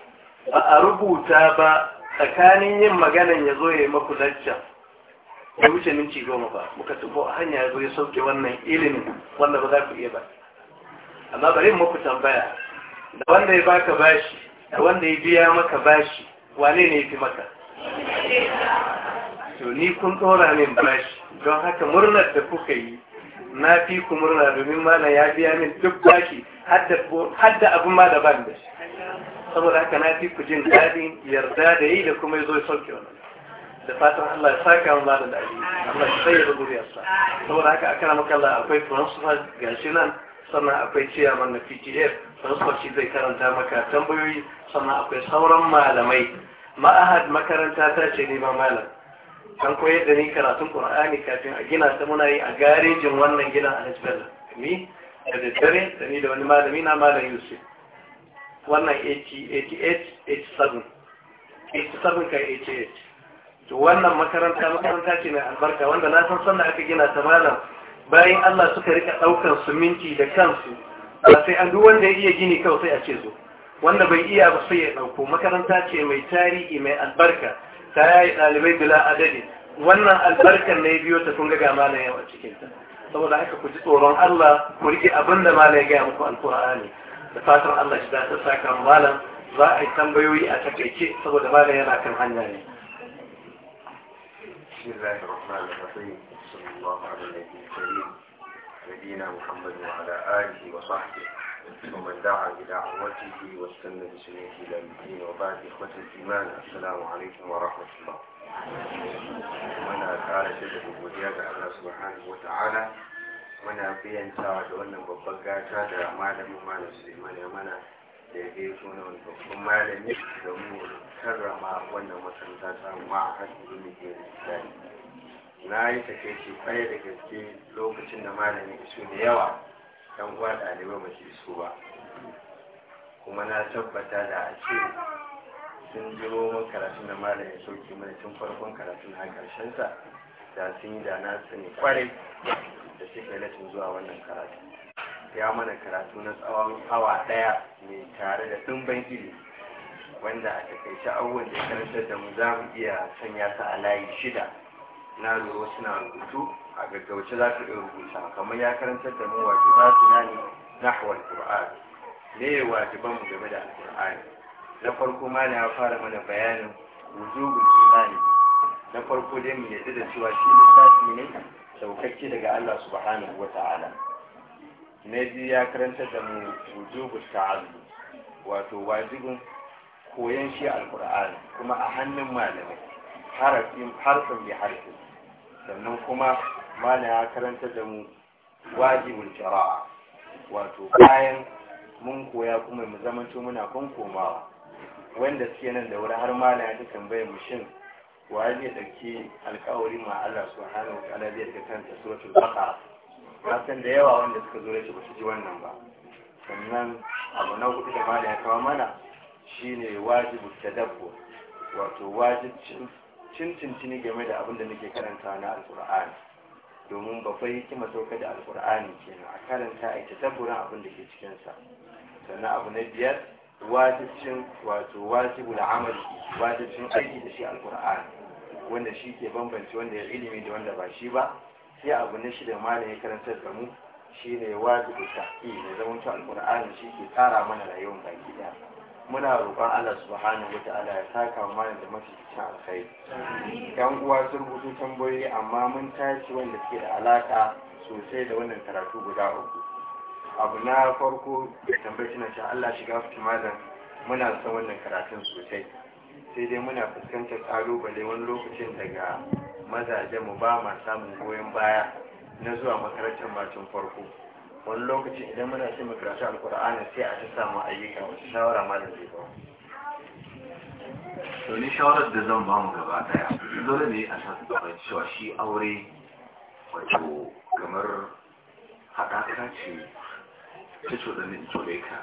ba a rubuta ba tsakanin yin maganan ya zo ya yi maku lacca ya wuce minti goma ba muka tuko a hanya ya zo ya sauke wannan ilimin wanda ba za ku iya ba amma bari muku tambaya da wanda ya baka bashi da wanda ya biya maka bashi wane ne ya fi maka to ni kun dora min bashi don haka murnar da kuka yi na fi ku murna domin mana ya biya min duk baki hadda abin ma da ban da shi saboda haka na fi ku jin daɗin yarda da yi da kuma ya zo sauke wannan da fatan Allah ya saka wa malam da alheri Allah ya sai da zuriyarsa saboda haka akana maka Allah akwai transfer gashi nan sannan akwai chairman na PTF transfer shi zai karanta maka tambayoyi sannan akwai sauran malamai ma'ahad makaranta ta ce ne ma malam an koyar da ni karatun qur'ani kafin a gina ta muna yi a garejin wannan gidan a Hezbollah ni da daddare da ni da wani malami na malam Yusuf wannan 88 87 7 kai 88 to wannan makaranta makaranta ce mai albarka wanda na san sannan aka gina ta malam bayan Allah suka rika daukar su minti da kansu ba sai an duk wanda ya iya gini kawai sai a ce zo wanda bai iya ba sai ya dauko makaranta ce mai tarihi mai albarka ta yayi ɗalibai bila adadi wannan albarkar ne biyo ta kun ga malam yau a cikin ta saboda haka ku ji tsoron Allah ku rike abin da malam ya gaya muku kurani da fatan Allah shi da ta saka malam za a yi tambayoyi a takaice saboda malam yana kan hanya ne بسم الله الرحمن الرحيم صلى الله على النبي نبينا محمد وعلى آله وصحبه ومن دعا بدعوته واستنى بسنته الى الدين وبعد اخوه الايمان السلام عليكم ورحمه الله muna ƙara jaddada godiya ga Allah subhanahu Ta'ala muna biyantawa da wannan babban gata da malamin malam Suleiman ya mana da ya gaya wani babban malami domin mu karrama wannan makaranta ta ma'aikar ilimi da islami na yi takaici kwaye da gaske lokacin da malami su da yawa yan uwa ɗalibai ba su iso ba kuma na tabbata da a ce sun jiro mun karatun da malam ya sauke mana tun farkon karatun har karshen sa da sun yi da na sani kwarai da suka latin zuwa wannan karatu ya mana karatu na tsawon awa ɗaya mai tare da ban iri, wanda a takaice abubuwan da ya karantar da mu za mu iya sanya sa a layi shida na lura suna rubutu a gaggauce za ka iya rubuta kamar ya karantar da mu nani na ne nahwal qur'an ne wajiban mu game da alqur'ani na farko ma na fara mana bayanin wujubul imani na farko dai mu yadda da cewa shi lissafi ne saukakke daga Allah subhanahu ta'ala na biyu ya karantar da mu wujubul ta'allu wato wajibin koyon shi alqur'ani kuma a hannun malamai harafin harfin bi harfin sannan kuma mana ya karanta da mu wajibul shari'a wato bayan mun koya kuma mu zamanto muna kan komawa wanda suke nan da wuri har mana ya ta tambaye mu shin wa zai dauki alkawari ma Allah subhanahu wa ta'ala zai ta kanta suratul baqara kasan da yawa wanda suka zo da shi ba su ji wannan ba sannan abu na hudu da mana ya kawo mana shine wajibu tadabbur wato cin-cin-cin game da abin da nake karanta na alkur'ani. domin babbai hikima sauka da alkur'ani kenan a karanta a ita tabburin abin da ke cikinsa sannan abu na biyar wajibcin wato wajibul amal wajibcin aiki da shi alkur'ani wanda shi ke bambanci wanda ya ilimi da wanda ba shi ba sai abu na shida malam ya karanta da mu shine wajibu tahqiq da zaman alkur'ani shi ke tsara mana rayuwar baki daya muna roƙon Allah subhanahu wata'ala ya saka wa da mafi cikin alkhairi yan uwa sun rubutu tambayoyi amma mun tashi wanda suke da alaka sosai da wannan karatu guda uku abu na farko da tambayi suna cewa Allah shiga fiti malam muna son wannan karatun sosai sai dai muna fuskantar ƙalubale wani lokacin daga mazaje mu ba ma samun goyon baya na zuwa makarantar bacin farko wani lokaci, idan muna cin makarata alkur'ani sai a ta samu ayyuka wasu shawara ma da zai ba to ni shawarar da zan ba mu gaba daya dole ne a san tsoron cewa shi aure wato kamar haɗaka ce ta to dai ka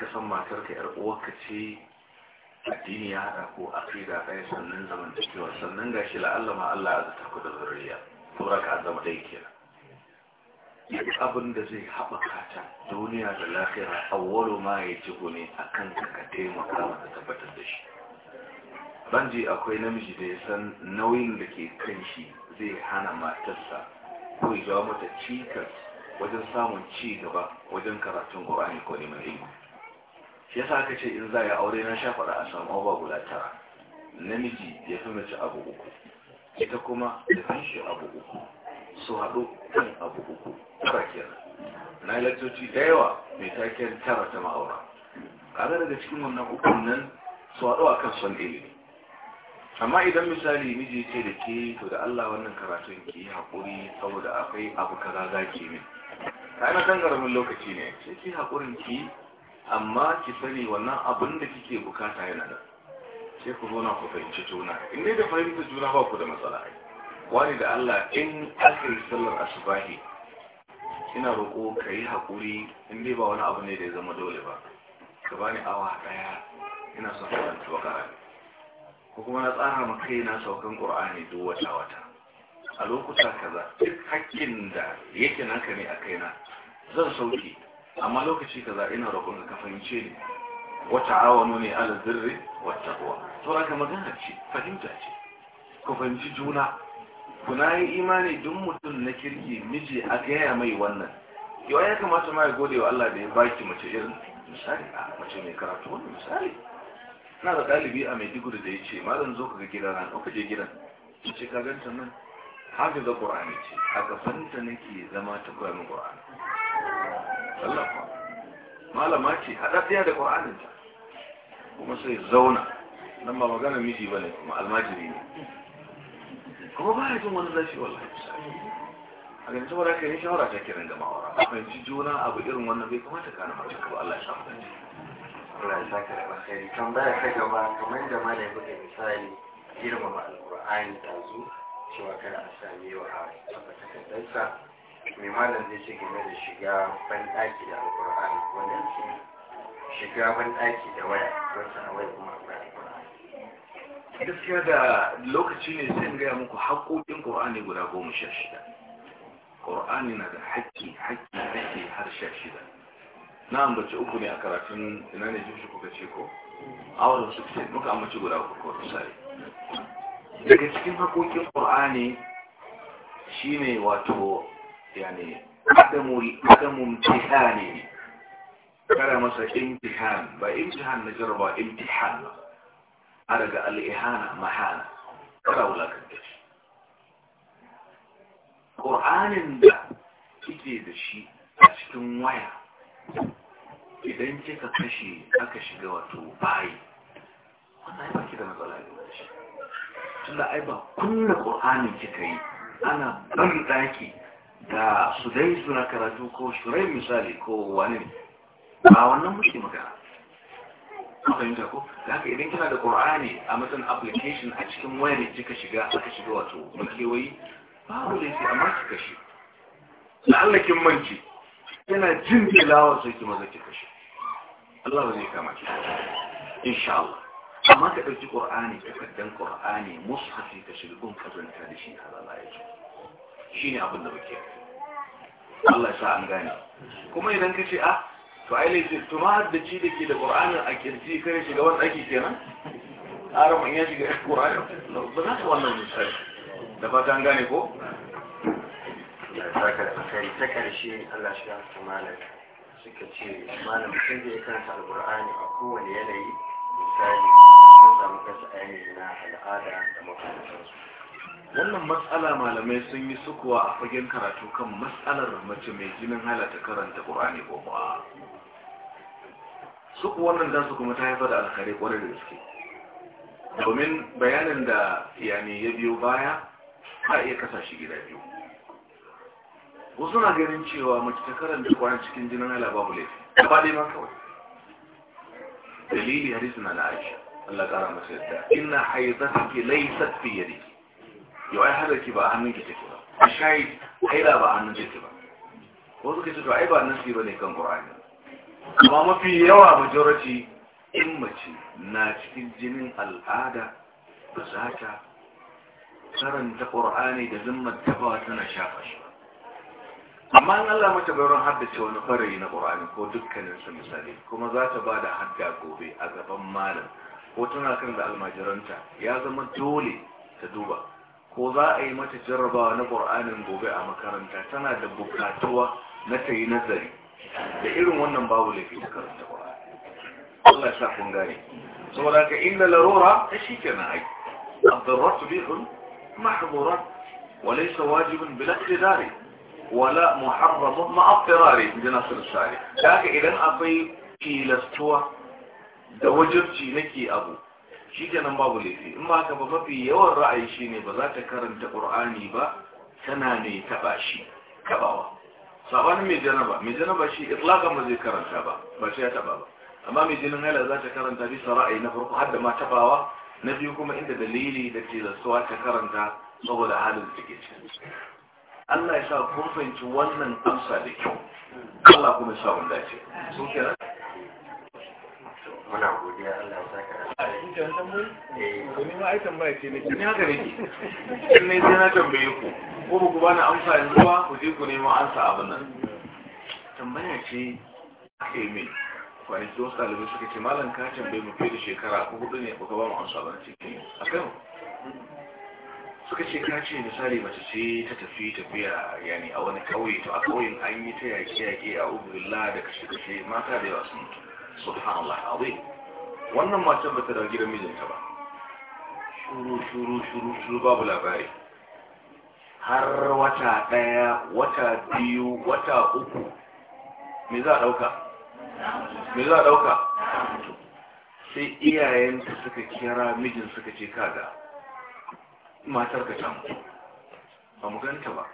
ka san matar ka yar uwarka ce addini ya haɗa ko a da ɗaya sannan zamantakewa sannan gashi la'alla ma Allah ya zata ku da zuriya saboda ka zama dai kenan duk abin da zai haɓaka ta duniya da lahira awwalu ma ya ci hune a kan ka taimaka mata tabbatar da shi banji akwai namiji da ya san nauyin da ke kan shi zai hana matarsa ko ya jawo mata cikas wajen samun ci gaba wajen karatun ƙwa'ani ko neman ilimi shi yasa aka ce in za yi aure na sha faɗa a samu abubuwa guda tara namiji ya fi mace abu uku ita kuma ya fi shi abu uku su haɗu kan abu uku tara kenan na lantoci da yawa mai taken tara ta ma'aura kaga daga cikin wannan ukun nan su haɗu a kan son ilimi amma idan misali miji ce da ke to da Allah wannan karatun ki yi haƙuri saboda akwai abu kaza za ki min yana kan garamin lokaci ne sai ki haƙurin ki amma ki sani wannan abin da kike bukata yana nan sai ku zo na ku fahimci juna in da fahimta juna ba ku da matsala wani da Allah in aka yi sallar asubahi ina roƙo ka yi haƙuri in dai ba wani abu ne da ya zama dole ba ka bani awa ɗaya ina son karanta bakara ko kuma na tsara ma kai na saukan ƙur'ani duk wata wata a lokuta kaza duk hakkin da yake naka ne a kaina zan sauki amma lokaci kaza ina roƙon ka fahimce ni wata awanu ne ala zirri wata kuwa to magana ce fahimta ce ku fahimci juna kuna yi imani duk mutum na kirki miji a gaya mai wannan yawa ya kamata ma ya gode wa Allah da ya baki mace irin misali a mace mai karatu wani misali na da ɗalibi a mai maiduguri da ya ce malam zo ka ga gidan ran ka je gidan in ce ka ganta nan haka ga ƙorani ce a na nake zama ta ƙur'anin ƙorani Allah malama ce ɗaya da ƙur'anin ta kuma sai zauna nan ba magana miji ba ne kuma almajiri ne kuma ba ya jin wani zafi wallahi a ganin saboda ka yi shawara ta kiran gama ma'aura a fahimci juna abu irin wannan bai kamata ka na mace ka Allah ya samu dace Allah ya saka da kan baya ka gaba kamar da malam buga misali girmama alqur'ani ta zo cewa kada a sami wa a tabbatakardarsa mai malam zai ce game da shiga banɗaki da alqur'ani wanda ke shiga banɗaki da waya wata a waya kuma akwai alqur'ani gaskiya da lokaci ne sai gaya muku haƙoƙin ƙorani guda goma sha shida ƙorani na da haƙƙi haƙƙi haƙƙi har sha shida na ambaci uku ne a karatun ina ne jin shi kuka ce ko awon su ce muka ambaci guda uku ko sai daga cikin haƙoƙin ƙorani shine wato yani adamun tihani ne kara masa imtihan ba imtihan na jarba imtihan ba a daga al'ihana mahana kada da shi ƙur'anin da kike da shi a cikin waya idan kika kashe aka shiga wato bayi wannan ya baki da matsala da shi ai ba kunna ƙor'anin kika yi ana banɗaki ɗaki da su dai suna karatu ko shirai misali ko wani ba wannan muke magana fahimta ko da haka idan kina da qur'ani a matsayin application a cikin wayar kika shiga aka shiga wato makewayi babu laifi amma shi kashe Allah kin manci yana jin tilawa sai ki maza ki kashe Allah ba zai kama ki insha Allah amma ka qur'ani, ka kaddan qur'ani mushafi ka gun kazanta da shi Allah ya ce shi ne abin da muke Allah ya sa an gane kuma idan ka ce a ah, to ai laifin to mahaddaci da ke da ƙur'anin a kirji kare shiga wani ake kenan haram in ya shiga ƙur'anin ba za ta wannan misali da fata an gane ko ya saka da alkhairi ta karshe Allah shi ya malam suka ce malam mutum da ya karanta alƙur'ani a kowane yanayi misali sun samu kansa ainihi na al'ada da makarantarsu wannan matsala malamai sun yi sukuwa a fagen karatu kan matsalar mace mai jinin halata karanta ƙur'ani ko ba su wannan dan su kuma ta haifar da alkhari kwarai da gaske domin bayanin da yani ya biyo baya a iya kasashe gida biyu wasu na ganin cewa mace ta karanta kwana cikin jinin al'a babu laifi ba dai ma kawai dalili hadisin na Aisha Allah kara masa yadda inna haidatuki laysat fi yadiki yau ai hada ki ba a hannun ki take ba shayi haida ba hannun ki take ba wasu kace to ai ba nan nasi bane kan Qur'ani amma mafi yawa majority in mace na cikin jinin al'ada ba za ta karanta ƙor'ani da zimmar tabawa tana shafa shi amma an Allah mata bayan haddace wani farayi na ƙor'ani ko su misali kuma za ta ba da hadda gobe a gaban malam ko tana kan da almajiranta ya zama dole ta duba ko za a yi mata jarrabawa na ƙor'anin gobe a makaranta tana da bukatuwa na ta yi nazari da irin wannan babu laifi da karanta ba Allah sa kun gane saboda ka inda larura ta shi kenan ai abdurratu bihun mahdurat wa sa wajibin bil iqtidari wala muharramun ma'a firari inda nasir sari daga idan akwai tilastuwa da wajibci nake abu shi kenan babu laifi in ba ka ba mafi yawan ra'ayi shine ba za ta karanta ƙur'ani ba tana ne taba shi tabawa sabanin mai janaba mai janaba shi itlaqan ba zai karanta ba ba shi ya taba ba amma mai jinin hala za ta karanta bisa ra'ayi na farko har da ma tabawa na biyu kuma inda dalili da ke zasuwa ta karanta saboda halin da take ciki Allah ya sa kun fahimci wannan amsa da kyau Allah kuma sa wanda ce so kenan muna godiya Allah ya saka alheri kin tambayi eh to ma ai tambaya ce ne ni haka nake in sai na tambaye ku ko ba ku bani amsa yanzu ku je ku nemo ansa abin nan tambaya ce ake min kwanaki wasu ɗalibai suka ce malam ka tambaye mu fiye da shekara ko hudu ne baka ba mu amsa ba ciki eh, a kan suka ce ka ce misali mace ce ta tafi tafiya yani a wani kauye to a kauyen an yi ta yaƙe-yaƙe a ubillah da kashe-kashe mata da yawa sun mutu subhanallah azim wannan macen ba ta dawo gidan mijinta ba shuru shuru shuru shuru babu labari har wata ɗaya wata biyu wata uku me za a ɗauka me za a dauka sai iyayenta suka kira mijin suka ce kaga matar ka ta mutu ba mu ganta ba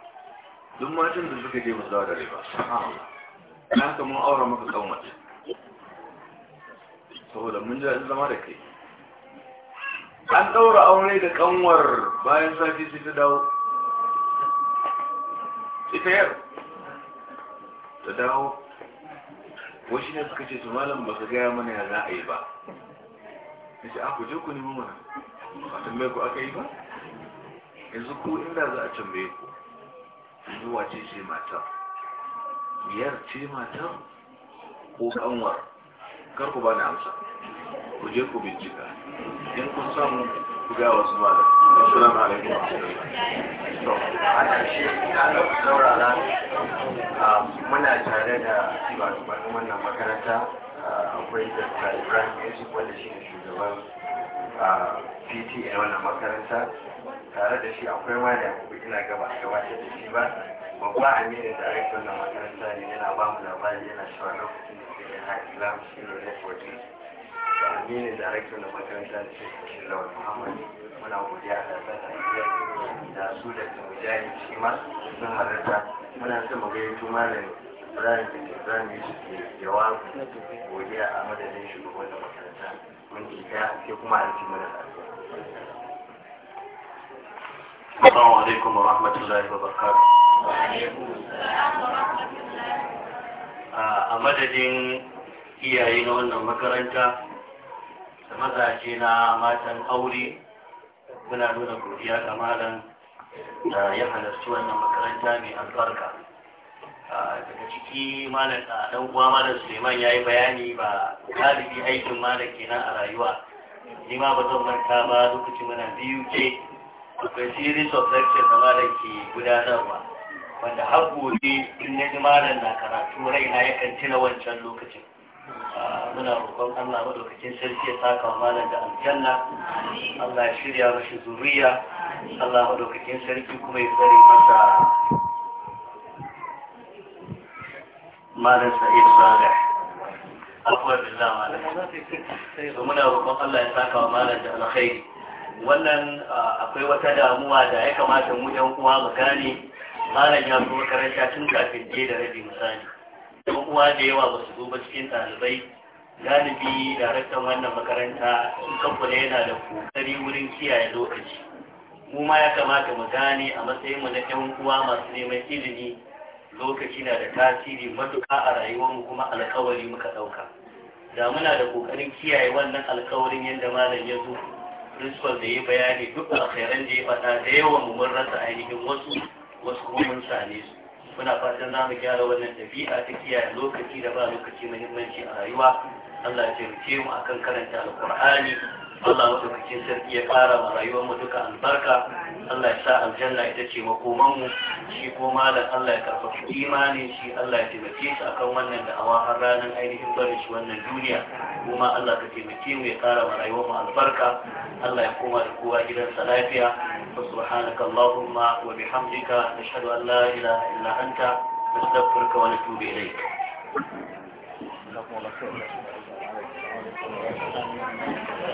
duk matan da suka je mu zawa da riba subhanallah na haka mun aura maka tsawon mace saboda mun ji daɗin zama da kai an ɗaura aure da kanwar bayan sati sai ta dawo ita yau ta dawo wasu ne suka ce su malam ba su gaya mana ya za a yi ba ya ce ah, ku je ku nemi mana ba tambaye ku aka yi ba yanzu ku inda za a tambaye ku yanzu wace ce mata biyar ce mata ko kanwar kar ku ba na amsa ku je ku bincika in kun samu ku ga wasu malam assalamu alaikum wa rahmatullahi to a ƙarshe ina da saurara muna tare da shugabannin wannan makaranta akwai da Ibrahim Yusuf wanda shi ne shugaban PTA na wannan makaranta tare da shi akwai wani abu ina gaba a gabatar da shi ba babba aminin da aikin wannan makaranta ne yana ba mu labari yana shawarar lokacin da suke haɗa islam shi ne Aminu ne darakta na makaranta da shi shi lawan muna godiya a da da su da mujahid shi ma sun halarta muna son mu da malam da bin ibrahim yusuf ke jawabi godiya a madadin shugaban da makaranta mun ke ta sai kuma a ci mana السلام عليكم ورحمة الله وبركاته. وعليكم a madadin iyaye na wannan makaranta mazaje na matan aure muna nuna godiya ga malam da ya halarci wannan makaranta mai albarka daga ciki malam a dan uwa malam suleiman ya yi bayani ba galibi aikin malam kenan a rayuwa ni ma ba zan manta ba lokacin muna biyu ke akwai series of lectures da malam ke gudanarwa wanda har gobe in ya ji malam na karatu raina yakan tuna wancan lokacin muna roƙon Allah madaukakin sarki ya saka malam da aljanna Allah ya shirya mashi zuriya Allah madaukakin sarki kuma ya tsare masa malam sa'id salih alkuwar billah malam so muna roƙon Allah ya saka malam da alkhairi wannan akwai wata damuwa da ya kamata mu yan uwa mu gane malam ya zo karanta tun kafin je da rabi misali ɗan uwa da yawa ba su zo ba cikin ɗalibai galibi daraktan wannan makaranta kamfani yana da kokari wurin kiyaye lokaci mu ma ya kamata mu gane a matsayin mu na ƴan uwa masu neman ilimi lokaci na da tasiri matuƙa a rayuwarmu kuma alkawari muka ɗauka da muna da kokarin kiyaye wannan alkawarin yadda malam ya zo principal da ya bayani duk alkhairan da ya faɗa da yawan mu mun rasa ainihin wasu wasu kuma mun same su muna fatan za mu gyara wannan ɗabi'a ta kiyaye lokaci da ba lokaci muhimmanci a rayuwa Allah ya taimake mu akan karanta alkur'ani Allah wata cikin sarki ya ƙara ma rayuwar mu duka albarka Allah ya sa aljanna ita ce makoman mu shi ko malam Allah ya karfafa imani shi Allah ya taimake shi akan wannan da awa har ranar ainihin barin shi wannan duniya kuma Allah ka taimake mu ya ƙara ma rayuwar mu albarka Allah ya koma da kowa gidansa lafiya سبحانك اللهم وبحمدك نشهد أن لا إله إلا أنت نستغفرك ونتوب إليك.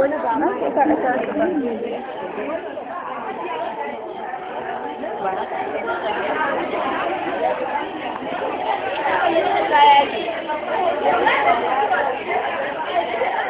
Bueno, vamos a sacar esta Thank you.